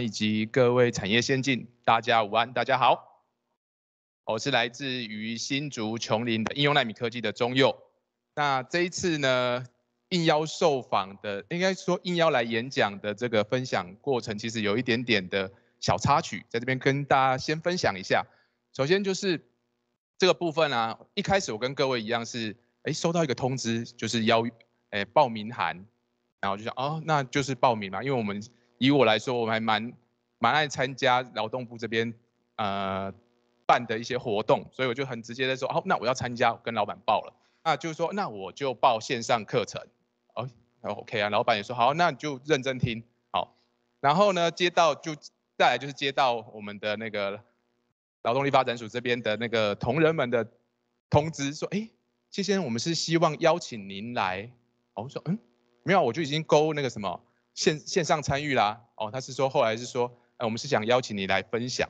以及各位產業先進，大家午安，大家好，我是來自於新竹瓊林的應用奈米科技的鍾佑。那這一次呢，應邀受訪的，應該說應邀來演講的這個分享過程，其實有一點點的小插曲，在這邊跟大家先分享一下。首先就是這個部分啊，一開始我跟各位一樣是，哎，收到一個通知，就是邀，哎，報名函，然後就想，哦，那就是報名嘛，因為我們。以我來說，我還蠻蠻愛參加勞動部這邊呃辦的一些活動，所以我就很直接的說，哦、啊，那我要參加，我跟老闆報了，那、啊、就是說，那我就報線上課程，哦，OK 啊，老闆也說好，那你就認真聽，好，然後呢，接到就再來就是接到我們的那個勞動力發展署這邊的那個同仁們的通知，說，哎、欸，謝先生，我們是希望邀請您來，我、哦、說，嗯，沒有，我就已經勾那個什麼。線線上參與啦，哦，他是說後來是說，我們是想邀請你來分享，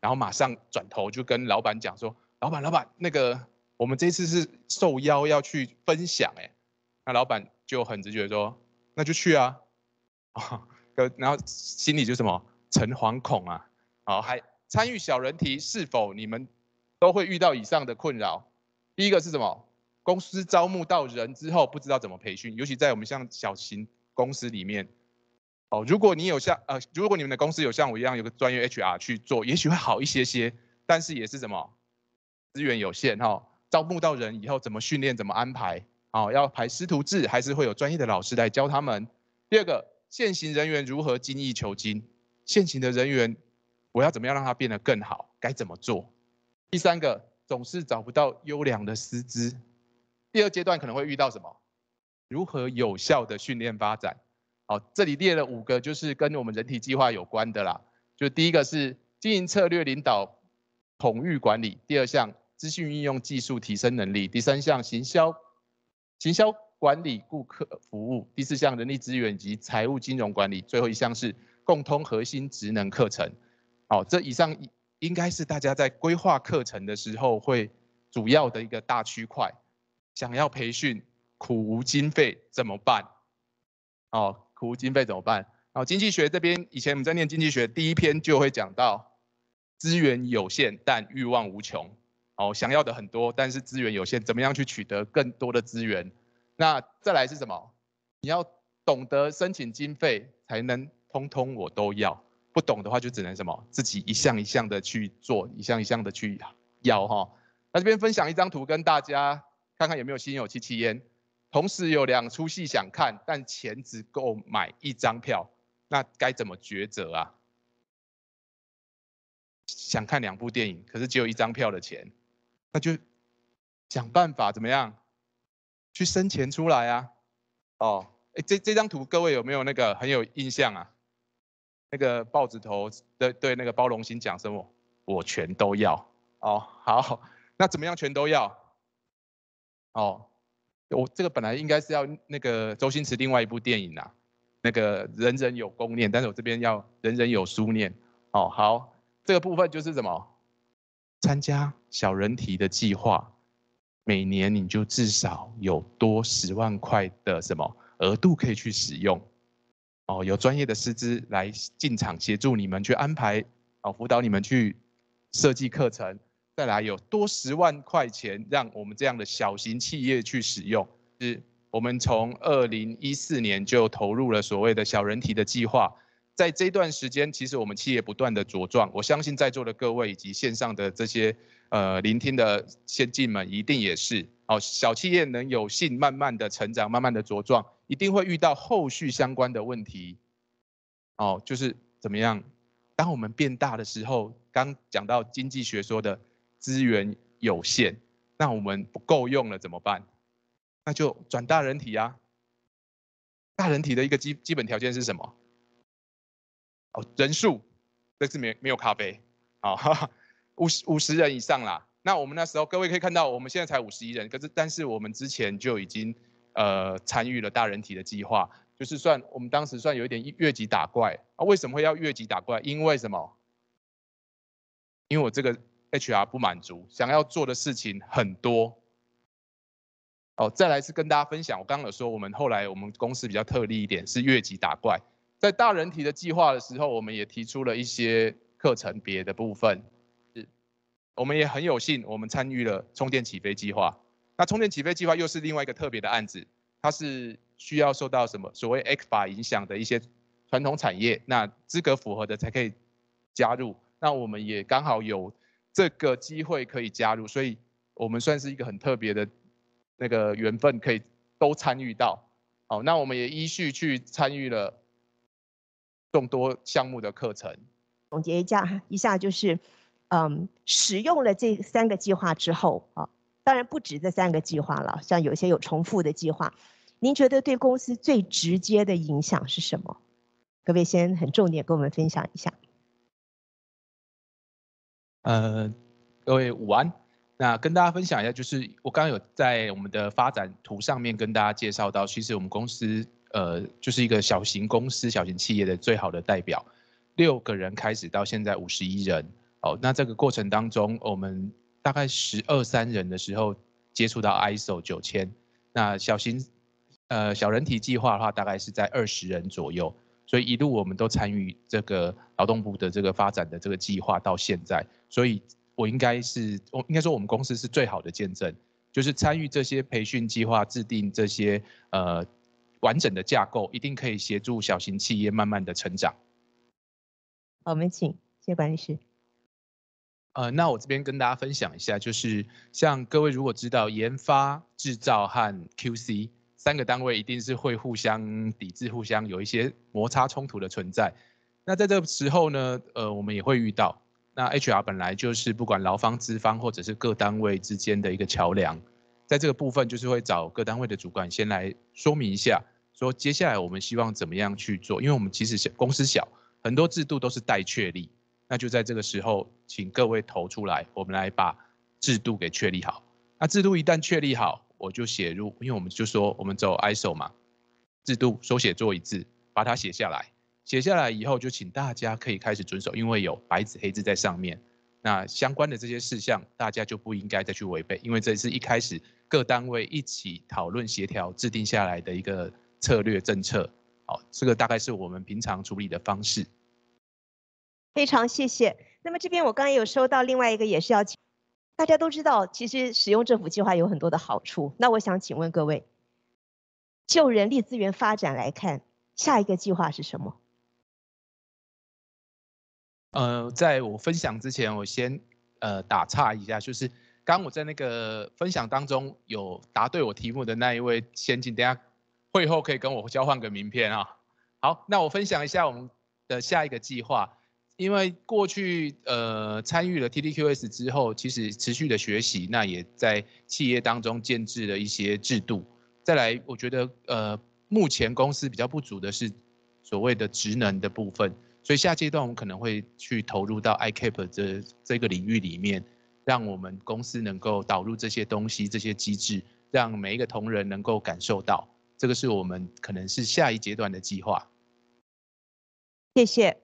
然後馬上轉頭就跟老板講說，老板老板，那個我們這次是受邀要去分享，哎，那老板就很直覺說，那就去啊，然後心裡就什麼，誠惶恐啊，好，還參與小人提。是否你們都會遇到以上的困擾？第一個是什麼？公司招募到人之後不知道怎麼培訓，尤其在我們像小型公司裡面。哦，如果你有像呃，如果你們的公司有像我一樣有個專業 HR 去做，也許會好一些些，但是也是什麼資源有限哈，哦，招募到人以後怎麼訓練，怎麼安排？哦，要排師徒制，還是會有專業的老師來教他們？第二個，現行人員如何精益求精？現行的人員，我要怎麼樣讓他變得更好？該怎麼做？第三個，總是找不到優良的師資。第二階段可能會遇到什麼？如何有效的訓練發展？好，哦、這裡列了五個，就是跟我們人提計畫有關的啦。就第一個是經營策略領導統御管理，第二項資訊運用技術提升能力，第三項行銷行銷管理顧客服務，第四項人力資源及財務金融管理，最後一項是共通核心職能課程。好，這以上應該是大家在規劃課程的時候會主要的一個大區塊。想要培訓苦無經費怎麼辦？哦。圖經費怎麼辦？然後、哦、經濟學這邊，以前我們在念經濟學，第一篇就會講到資源有限，但欲望無窮。哦，想要的很多，但是資源有限，怎麼樣去取得更多的資源？那再來是什麼？你要懂得申請經費，才能通通我都要。不懂的話，就只能什麼，自己一項一項的去做，一項一項的去要哈。那這邊分享一張圖跟大家看看有沒有心有戚戚焉。同時有兩出戲想看，但錢只夠買一張票，那該怎麼抉擇啊？想看兩部電影，可是只有一張票的錢，那就想辦法怎麼樣去生錢出來啊？哦，哎，欸，這這張圖各位有沒有那個很有印象啊？那個報紙頭的對，對那個包龍星講什麼？我全都要。哦，好，那怎麼樣全都要？哦。我這個本來應該是要那個周星馳另外一部電影啦，啊，那個人人有功念，但是我這邊要人人有書念哦。好，這個部分就是什麼，參加小人提的計劃，每年你就至少有多十萬塊的什麼額度可以去使用哦。有專業的師資來進場協助你們去安排哦，輔導你們去設計課程。再來有多十萬塊錢，讓我們這樣的小型企業去使用。是我們從二零一四年就投入了所謂的小人提的計劃，在這段時間，其實我們企業不斷的茁壯。我相信在座的各位以及線上的這些呃聆聽的先進們，一定也是哦。小企業能有幸慢慢的成長，慢慢的茁壯，一定會遇到後續相關的問題。哦，就是怎麼樣？當我們變大的時候，剛講到經濟學說的。資源有限，那我們不夠用了怎麼辦？那就轉大人提啊！大人提的一個基基本條件是什麼？哦，人數，這次沒沒有咖啡，好，哈哈，五五十人以上啦。那我們那時候各位可以看到，我們現在才五十一人，可是但是我們之前就已經呃參與了大人提的計劃，就是算我們當時算有一點越級打怪啊。為什麼會要越級打怪？因為什麼？因為我這個。HR 不滿足，想要做的事情很多。哦，再來是跟大家分享，我剛剛有說，我們後來我們公司比較特例一點，是越級打怪。在大人提的計劃的時候，我們也提出了一些課程別的部分。我們也很有幸，我們參與了充電起飛計劃。那充電起飛計劃又是另外一個特別的案子，它是需要受到什麼所謂 ECFA 影響的一些傳統產業，那資格符合的才可以加入。那我們也剛好有。這個機會可以加入，所以我們算是一個很特別的那個緣分，可以都參與到。好，那我們也依序去參與了眾多項目的課程。總結一下，一下就是，嗯，使用了這三個計劃之後，啊，當然不止這三個計劃了，像有些有重複的計劃。您覺得對公司最直接的影響是什麼？可不可以先很重點跟我們分享一下。呃，各位午安。那跟大家分享一下，就是我剛剛有在我們的發展圖上面跟大家介紹到，其實我們公司呃就是一個小型公司、小型企業的最好的代表，六個人開始到現在五十一人。哦，那這個過程當中，我們大概十二三人的時候接觸到 ISO 九千，那小型呃小人提計劃的話，大概是在二十人左右。所以一路我們都參與這個勞動部的這個發展的這個計劃到現在，所以我應該是我應該說我們公司是最好的見證，就是參與這些培訓計劃，制定這些呃完整的架構，一定可以協助小型企業慢慢的成長。我們請謝管理師。呃，那我這邊跟大家分享一下，就是像各位如果知道研發、製造和 QC。三個單位一定是會互相抵制、互相有一些摩擦衝突的存在。那在這個時候呢，呃，我們也會遇到。那 HR 本來就是不管勞方、資方或者是各單位之間的一個橋樑，在這個部分就是會找各單位的主管先來說明一下，說接下來我們希望怎麼樣去做，因為我們其實小公司小，很多制度都是待確立。那就在這個時候，請各位投出來，我們來把制度給確立好。那制度一旦確立好，我就寫入，因為我們就說我們走 ISO 嘛，制度手寫做一致，把它寫下來。寫下來以後，就請大家可以開始遵守，因為有白紙黑字在上面。那相關的這些事項，大家就不應該再去違背，因為這是一開始各單位一起討論協調制定下來的一個策略政策。好，這個大概是我們平常處理的方式。非常謝謝。那麼這邊我剛才有收到另外一個也是要請。大家都知道，其實使用政府計劃有很多的好處。那我想請問各位，就人力資源發展來看，下一個計劃是什麼？呃，在我分享之前，我先呃打岔一下，就是剛我在那個分享當中有答對我題目的那一位，先進，大家會後可以跟我交換個名片啊。好，那我分享一下我們的下一個計劃。因為過去呃參與了 TTQS 之後，其實持續的學習，那也在企業當中建置了一些制度。再來，我覺得呃目前公司比較不足的是所謂的職能的部分，所以下階段我們可能會去投入到 iCAP 這這個領域裡面，讓我們公司能夠導入這些東西、這些機制，讓每一個同仁能夠感受到。這個是我們可能是下一階段的計劃。謝謝。